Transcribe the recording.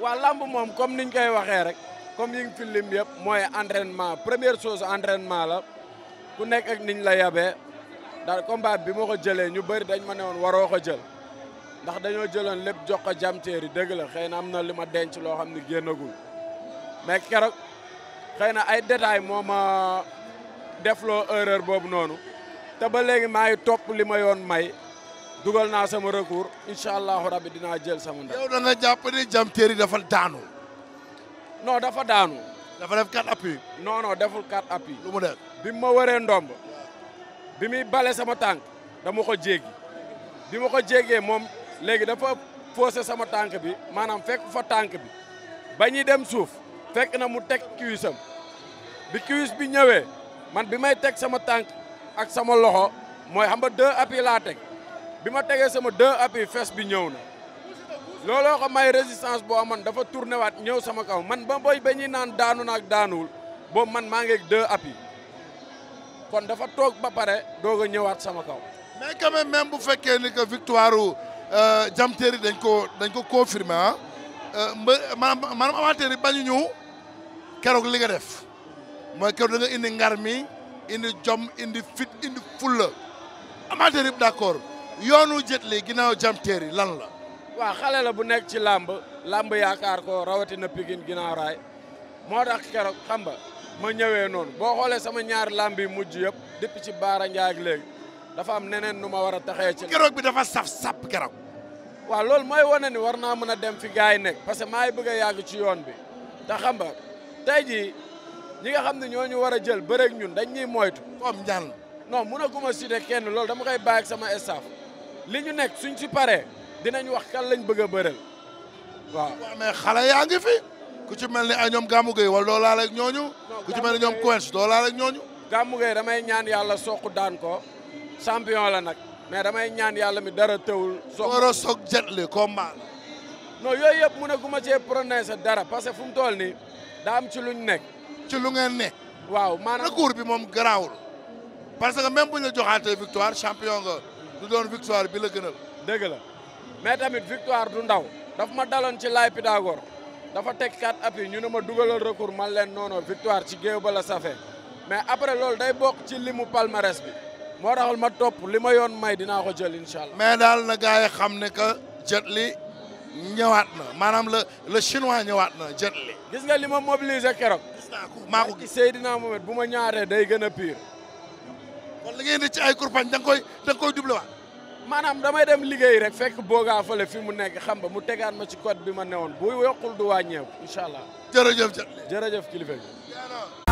waa lamb moom comme niñ koy waxee rek comme yi ngi fi lim yëpp mooy entraînement première chose entraînement la ku nekk ak niñ la yabee daal combat bi moo ko jëlee ñu bëri dañ ma ne woon waroo ko jël ndax dañoo jëloon lépp jox ko jamteeri dëgg la xëy na am na li ma denc loo xam ne génnagul mais keroog xëy na ay détails moo ma defloo erreur boobu noonu te ba léegi maa ngi topp li ma yoon may dugal naa sama recours incha allahu rabbi dinaa jël sama ndam. yow da nga jàpp ne Diam Terry dafa daanu. non dafa daanu. dafa def quatre appuis. non non deful quatre appuis. lu mu def bi ma waree ndomb bi muy bale sama tànk dama ko jéggi bi ma ko jéggee moom léegi dafa faussé sama tànk bi maanaam fekk fa tànk bi ba ñuy dem suuf fekk na mu teg cuisam bi cuis bi ñëwee man bi may teg sama tànk ak sama loxo mooy xam nga deux appuis laa teg. bi ma tegee sama deux appuis fes bi ñëw na looloo ko may résistance boo man dafa tourné waat ñëw sama kaw man ba boy ba ñuy naan daanu naag daanuwul boobu man maa ngi ak deux kon dafa toog ba pare doog a ñëwaat sama kaw. mais ka même même bu fekkee ni que victoire Diam euh, Terry dañ ko dañ ko confirmé ah euh, mba maanaam maanaam amateur yi bañu keroog li nga def mooy keroog da indi ngar mi indi jom indi fit indi fulla amateur yi d'accord. yoonu Jet Li ginnaaw Diam Terry lan la. waa xale la bu nekk ci làmb làmb yaakaar ko rawatina Pikine ginnaaw raay moo tax keroog xam nga ñëwee noonu boo xoolee sama ñaari làmb yi mujj yëpp depuis ci Baara Ndiaye ak léegi dafa am neneen nu ma war a taxee ci. keroog bi dafa saf sap keroog. waaw loolu mooy wane ni war naa mën a dem fi gars yi nekk parce que maa ngi bëgg a yàgg ci yoon bi te xam nga tey jii ñi nga xam ne ñoo war a jël bëreeg ñun dañ ñuy moytu. comme ñaan non mun a guma citer kenn loolu dama koy bàyyi sama staff. li ñu nekk suñ ci paree dinañ wax kan lañ bëgg a bëreel waaw. mais xale yaa ngi fi ku ci mel ni ay ñoom Gamou Gueye wala doo laal ak ñooñu. ku ci mel ni ñoom Quench doo laal ak ñooñu. Gamou Gueye damay ñaan yàlla soq daan ko champion la nag mais damay ñaan yàlla mi dara tëwul. soq war a soq ko combat. non yooyu yëpp mu ne gu ma cee prononcé dara parce que fu mu toll nii daa am ci luñ nekk. ci lu ngeen ne. waaw maanaam recours bi moom garaawul. parce que même bu ñu la joxaatee victoire champion du doon victoire bi la gënal. dëgg la mais tamit victoire du ndaw daf ma daloon ci laay Pythagore dafa teg kat appui ñu ne ma dugalal recours man leen noonu victoire ci géew bala la safe mais après loolu day bokk ci li limu palmarès bi moo taxal ma topp li ma yoon may dinaa ko jël incha allah. mais daal na gars xam ne que Jet Li ñëwaat na maanaam la le chinois ñëwaat na Jet gis nga li ma mobiliser keroog. gis naa ko maa ko gis Seydina Mohamed bu ma ñaaree day gën a pire. kon li ngay ci ay kurpañ da nga koy da nga koy dublewaat maanaam damay dem liggéey rek fekk boogaa fale fi mu nekk xam ba mu tegaat ma ci code bi ma ne newoon bu yokkul du ñeew incha allah jërëjëf jërëjëf kilifa